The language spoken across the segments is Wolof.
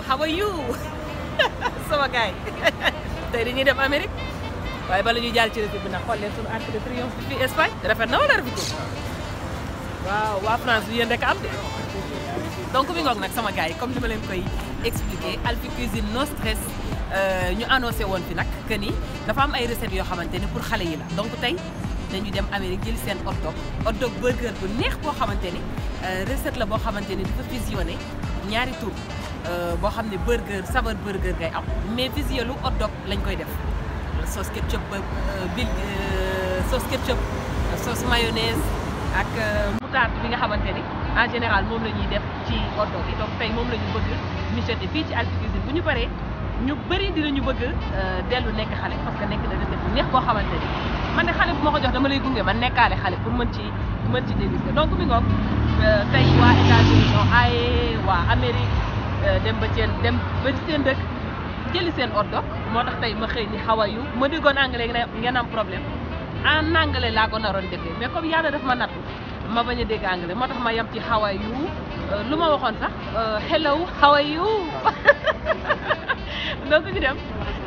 how are you sama gars yi tey dañuy dem Amérique waaye bala ñuy jàll ci revue bi nag xool leen suñu arc de triomphe fii Espagne rafet na wala rafet waaw waa France bi yéen rek am de donc nag sama gars yi comme ni leen koy expliqué Alphie Cuisine no stress euh, ñu annoncé woon fi nag que ni dafa am ay recettes yoo xamante ni pour xale yi la donc tey dañu dem Amérique jëli seen hot dog hot dog burger bu neex koo xamante ne euh, recette la boo xamante ni ne dafa fusionné ñaari tur Euh, boo xam ne burger saveur burger ngay am mais visuelu hot dog lañ koy def sauce ketchup euh, bil euh, sauce ketchup sauce mayonnaise ak moutarde bi nga xamante ni en général moom la ñuy def ci hot dog yi tey moom la ñu bëgg mijoter fii ci Alphie Cuisine bu ñu paree ñu bëri ñu bëgg dellu nekk xale parce que nekk na recette bu neex boo xamante ni man ne xale bu ma ko jox dama lay gunge man nekkaale xale pour mën ci mën ci déguster donc mi ngoog tey waa États-Unis ñoo aaye Euh, dem ba seen dem ba seen dëkk jëli seen ordre moo tax tey ma xëy ni xaw a yu ma déggoon anglais ngeen am problème en anglais laa ko naroon defee mais comme yàlla def ma nattu ma bañ a dégg anglais moo tax ma yem ci xaw a yu euh, lu ma waxoon sax euh, hello how are you donc ñu dem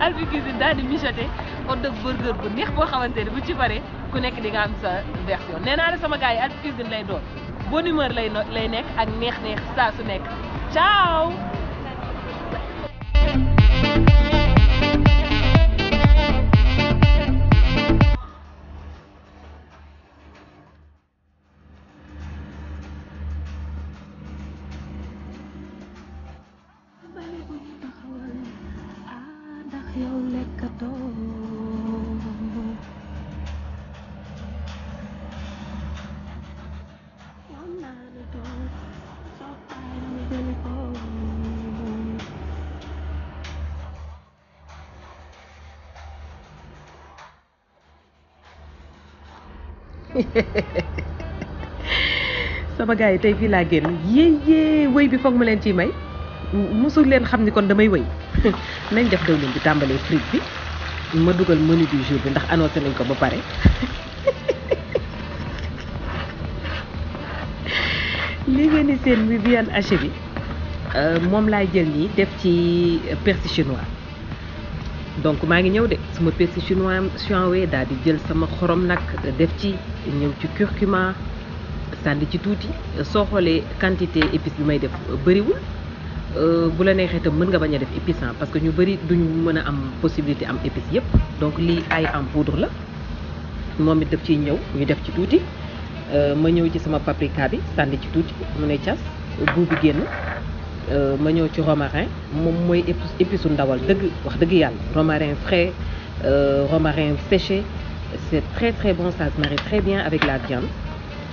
Alphie Cuisine daal di mijoté hot dog burger bu neex boo xamante ne bu ci paree ku nekk di nga am sa version nee naa la sama gaa yi Alphie Cuisine lay doon. bonne humeur lay lay nekk ak neex-neex saa nekk ciao. sama yi tey fii laa génn yéyee wëy bi foog ma leen ciy may musul leen xam ni kon damay wëy nañ def dawlin bi tàmbalee frite bi ma dugal menu du jour bi ndax annoncé nañ ko ba pare li ngeen ni seen muy viande bi moom laay jël nii def ci persil chinois donc maa ngi ñëw de sama pésti chinois chinois daal di jël sama xorom nag def ci ñëw ci curcuma sànni ci tuuti soo xoolee quantité épice bi may def bëriwul euh, bu la neexee tam mën nga bañ a def épice ah, parce que ñu bëri duñu mën a am possibilité am épice yëpp donc lii ay en poudre la moom it daf ciy ñëw ñu def ci tuuti euh, ma ñëw ci sama paprika bi sànni ci tuuti mu ne cas buubi génn Euh, ma ñëw ci romarin moom mooy épice su ndawal dëgg wax dëgg yàlla romarin frais euh, romarin séché c'est très très bon ça marie très bien avec la viande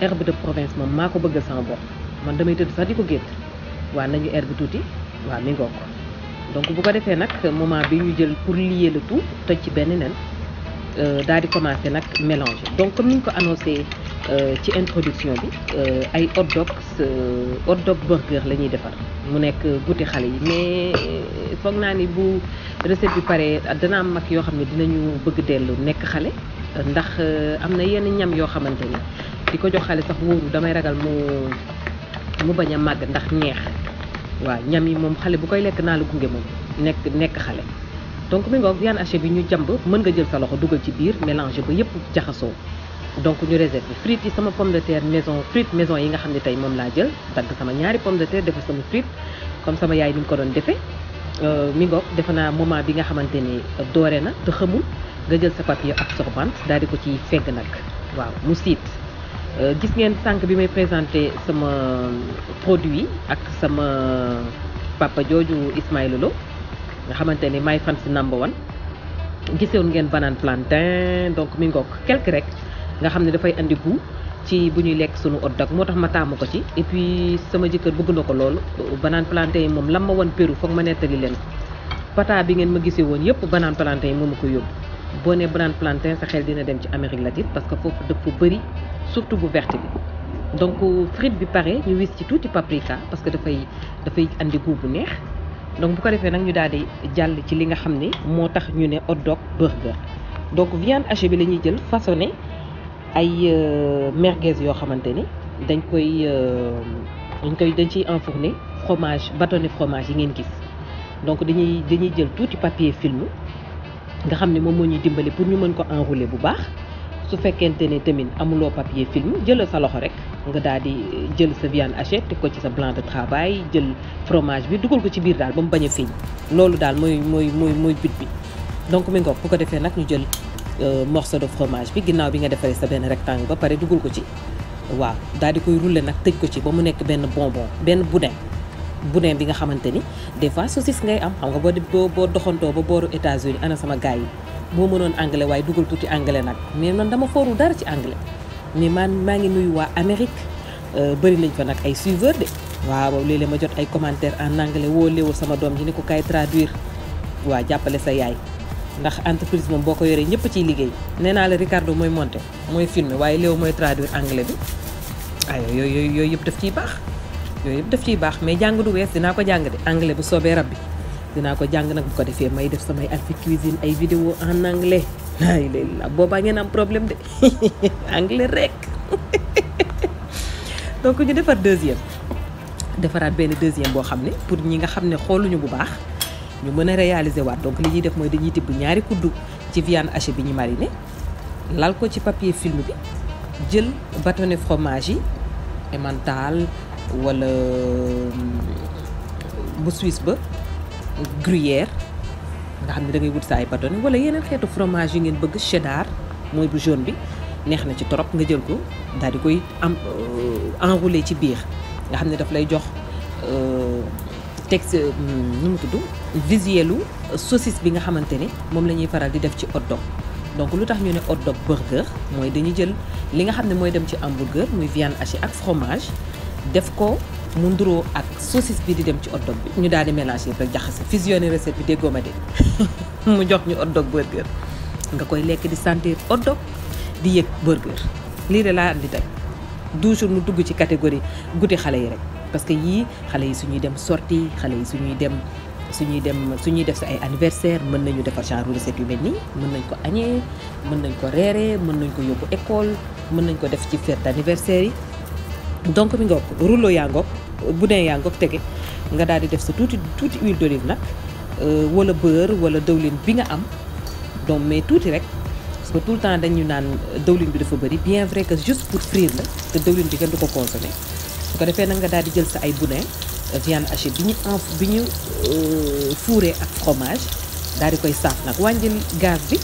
herbe de province moom maa ko bëgg sama bopp man damay tëdd sax di ko gétt waa nañu herbe tuuti waa mi ngoog donc bu ko defee nag moment bi ñu jël pour lier la tout toj ci benn nen euh, daal di commencer nag mélanger donc comme ni ñu ko annoncé ci introduction bi ay hot dogs hot dog burger la ñuy defar mu nekk goûter xale yi mais foog naa ni bu recette bi paree dana am mag yoo xam ne dinañu bëgg dellu nekk xale ndax euh, am na yenn ñam yoo xamante ni di ko jox xale sax wóoru damay ragal mu mu bañ a màgg ndax neex waaw ñam yi moom xale bu koy lekk naa la gunge moom nekk nekk xale donc mi ngoog viande hachée bi ñu jàmb mën nga jël sa loxo dugal ci biir mélanger ba yépp jaxasoo donc ñu réserver frites yi sama pomme de terre maison frites maison yi nga xam ne tey moom laa jël dagg sama ñaari pomme de terre defa sama frites comme sama yaay ni mu ko doon defee euh, mi ngoog defe naa moment bi nga xamante ni doore na te nga jël sa papier absorbant daal di ko ci fegg nag waaw mu euh, gis ngeen sànq bi may présenté sama produit yi ak sama papa jooju Ismaïla Lo nga xamante ne may fan si number one gisoon ngeen banaan plantain donc mi ngoog quelque rek nga xam ne dafay andi goût ci bu ñuy lekk sunu hot dog moo tax ma taamu ko ci et sama jëkkër bëgg na ko loolu banaan planté yi moom lam ma woon Pérou foog ma nettali leen pata bi ngeen ma gisee woon yëpp banaan planté yi moom ma ko yóbbu boo nee banaan planté dina dem ci Amérique latine parce que foofu dafa bëri surtout bu verte bi donc frite bi pare ñu wis ci tuuti paprika parce que dafay dafay andi bu neex donc bu ko defee nag ñu daal di jàll ci li nga xam ne moo tax ñu ne hot dog burger donc viande hachée bi la ñuy jël façonné ay euh, merguez yoo xamante ni dañ koy euh, dañ koy dañ ciy enfourner fromage bâtonnet fromage yi ngeen gis donc dañuy dañuy jël tuuti papier film nga xam ni moom moo ñuy dimbali pour ñu mën ko enrouler bu baax su fekkente ne tamit amuloo papier film jëlal sa loxo rek nga daal di euh, jël sa viande hachée teg ko ci sa blanc de travail jël fromage bi dugal ko ci biir daal ba mu bañ a feeñ loolu daal mooy mooy mooy mooy but bi donc mi ngoog bu ko defee nag ñu jël Euh, morceau de fromage bi ginnaaw bi nga defaree sa benn rectangle ba pare dugal ko ci waaw dal di koy rouler nag tëj ko ci ba mu nekk benn bonbon benn boudin boudin bi nga xamante ni des fois saucisse ngay am xam nga boo boo doxantoo ba booru États-Unis ana sama gars yi moo mënoon anglais waaye dugal tuuti anglais nag mais man dama fooru dara ci anglais mais man maa ngi nuyu waa Amérique euh, bëri nañ fa nag ay suiveurs de waaw léeg ma jot ay commentaires en anglais woo sama doom ji ni ko kay traduire waa jàppale sa yaay ndax entreprise moom boo ko yoree ñëpp ciy liggéey nee naa la Ricardo mooy monté mooy filmé waaye Léo mooy traduire anglais bi ay yooyu yooyu yooyu yëpp daf ciy baax yooyu yëpp daf ciy baax mais jàng du wees dinaa ko jàng de anglais bu soobee rab bi dinaa ko jàng nag bu ko defee may def samay Alphie Cuisine ay vidéo en anglais ay léegi la boobaa ngeen am problème de anglais rek donc ñu defar deuxième defaraat benn deuxième boo xam ne pour ñi nga xam ne xooluñu bu baax ñu mën a réalisé waa donc li ñuy def mooy dañuy tibb ñaari kuddu ci viande hachée bi ñu mariné lal ko ci papier film bi jël bâtonnet fromage yi emmental wala euh, bu suisse ba gruyère nga xam ne da ngay wut sa ay bâtonnet wala yeneen xeetu fromage yi ngeen bëgg cheddar mooy bu jaune bi neex na ci trop nga jël ko daal di koy am euh, enroulé ci biir nga xam ne daf lay jox. Euh, texte hmm, nu mu tudd visuelu euh, saucisse bi nga xamante ni moom la ñuy faral di def ci hot donc lu tax ñu ne hot dog burger mooy dañuy jël li nga xam ne mooy dem ci hamburger muy viande hachée ak fromage def ko mu nduroo ak saucisse bi di dem ci hot bi. ñu daal di mélanger rek jaxase fusionné recette bi déggoo ma de mu jox ñu odog dog burger nga koy lekk di sentir hot di yëg burger lii de laa andi tey toujours mu dugg ci catégorie guddi xale yi rek. parce que yii xale yi suñuy dem sorti xale yi suñuy dem suñuy dem suñuy def sa ay anniversaire mën nañu defar genre recette yu mel nii mën nañ ko añee mën nañ ko reeree mën nañ ko yóbbu école mën nañ ko def ci fête anniversaire yi donc mi nga ngoog rouleau yaa ngoog boudin yaa ngoog tege nga daal di def sa tuuti tuuti huile d'olive nag euh, wala beurre wala dëwlin bi nga am donc mais tuuti rek parce que tout le temps dañu naan dëwlin bi dafa bëri bien vrai que juste pour frire la te dëwlin bi kenn ko consommer ko defee nag nga daal di jël sa ay boudin viande hachée bi ñu en bi ñu euh, fuuree ak fromage daal di koy saaf nag wàññil gaz bi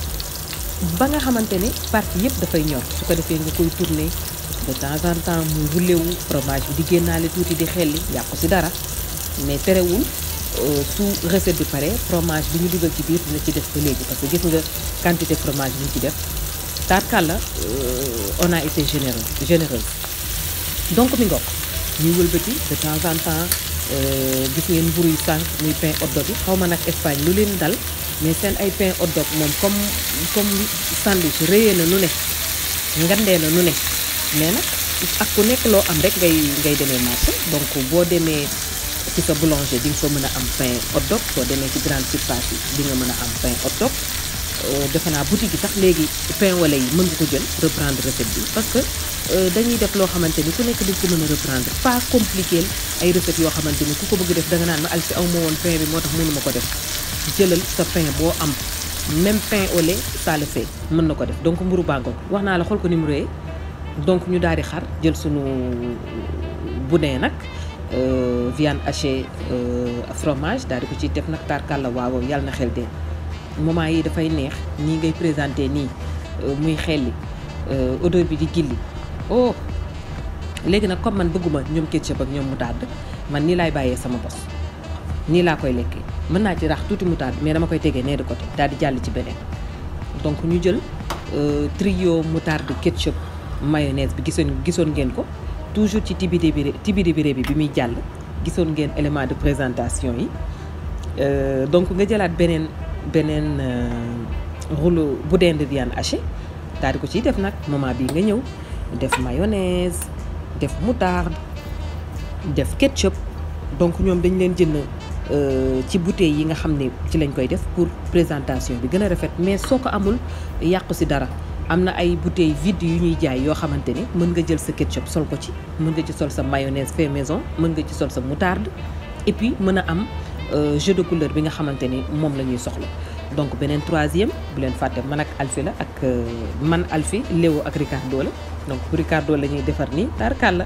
ba nga xamante ne partie yëpp dafay ñor su ko defee nga koy tourner de temps en temps muy roulé wu fromage bi di génnaale tuuti di xelli yàqu si dara mais terewul euh, su recette bi pare fromage bi ñu dugal ci biir dina ci def ba léegi parce que gis nga quantité fromage bi ñu ci def tarkalla euh, on a été généreux généreux donc mi ngook ñuy wëlbati de temps en temps euh, gis ngeen mburu yi sànq muy pain hot dog yi xaw nag Espagne lu leen dal mais seen ay pain hot moom comme comme sandwich réyee na nu ne ngandee na nu ne mais nag ak ku nekk loo am rek ngay ngay demee marché donc boo demee ci sa boulanger di nga fa mën a am pain hot dog boo demee ci grande surface yi di nga mën a am pain hot Euh, defe naa boutique yi sax léegi pain wala yi mën nga ko jël reprendre recette bi parce que euh, dañuy def loo xamante ni ku nekk di ko mën a reprendre pas compliqué ay recettes yoo xamante ni ku ko bëgg def da nga naan ma alsi aw ma woon pain bi moo tax mënu ma ko def jëlal sa pain boo am même pain au lait ça mën na ko def donc mburu bàggoog wax naa la xool ko numéro yi donc ñu daal di xar jël suñu bu nee nag euh, viande hachée fromage daal di ko ci def nag tarkalla waaw yàlla na xel dee moment yi dafay neex nii ngay présenté nii euh, muy xelli euh, odeur bi di gilli oh léegi nag comme man bëgguma ñoom ketchup ak ñoom moutarde man nii laay bàyyee sama bos nii laa koy lekkee mën naa ci rax tuuti moutarde mais dama koy tegee nee de daal di jàll ci beneen donc ñu jël euh, trio moutarde ketchup mayonnaise bi gisoon gisoon ngeen ko toujours ci tibidi bi tibidi bi bi muy jàll gisoon ngeen élément de présentation yi donc nga jëlaat beneen beneen euh, rouleau bu dee ndi viande haché daal di ko ciy def nag moment bii nga ñëw def mayonnaise def moutarde def ketchup donc ñoom dañ leen jënd euh, ci bouteille yi nga xam ne ci lañ koy def pour présentation bi gën a rafet mais soo ko amul yàqu si dara am na ay bouteille vide yu ñuy jaay yoo xamante ni mën nga jël sa ketchup sol ko ci mën nga ci sol sa mayonnaise fait maison mën nga ci sol sa moutarde et puis mën a am Euh, jeu de couleur bi nga xamante ni moom la ñuy soxla donc beneen troisième bu leen fàtte man ak Alfi la ak euh, man Alfi Léo ak Ricardo la donc Ricardo lañuy defar nii tarkal la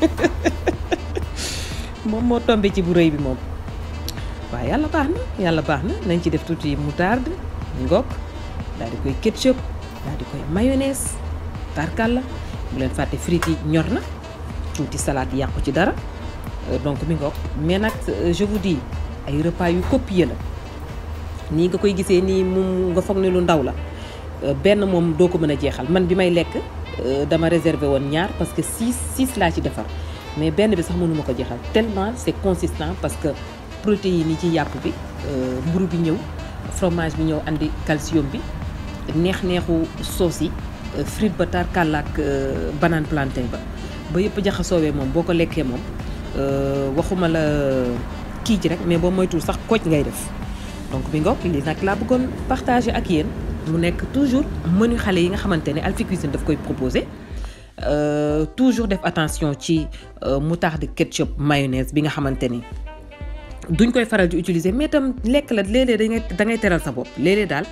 moom moo tombé ci bu rëy bi moom waaw yàlla baax na yàlla baax na nañ ci def tuuti moutarde ngokk daal di koy ketchup daal di koy mayonnaise tarkal la bu leen fàtte frites yi ñor na tuuti salaat yàqu ci dara Euh, donc mi nga mais nag euh, je ay repas yu copier la nii nga koy gisee nii mu nga foog ne lu ndaw la euh, benn moom doo ko mën a jeexal man bi may lekk dama réservé woon ñaar parce que six six laa ci defar mais benn bi sax mënuma ko jeexal tellement c'est consistant parce que protéines yi ci yàpp bi mburu bi ñëw fromage bi ñëw andi calcium bi neex neexu sauce yi frite ba tarkàllaak banaan plantain ba ba yëpp jaxasoowee moom boo ko lekkee moom Euh, waxuma la kii ci rek mais boo moytuwul sax koc ngay def donc bi nga lii nag laa bëggoon partager ak yéen mu nekk toujours mënu xale yi nga xamante ne Alphie Cuisine daf koy proposer euh, toujours def attention ci mu euh, tax moutarde ketchup mayonnaise bi nga xamante ni duñ koy faral di utiliser mais tam lekk la léeg-léeg da ngay teral sa bopp léeg-léeg daal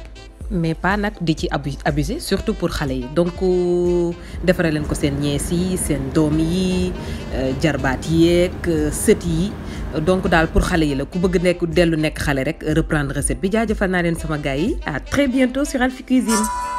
mais pas nag di ci abu abusé surtout pour xale yi donc euh, defare leen ko seen ñees yi seen doom yi euh, jarbaat yeeg euh, sët yi donc daal pour xale yi la ku bëgg nekk dellu nekk xale rek reprendre recette bi jaajëfal naa leen sama gars yi à très bientôt sur Alphie Cuisine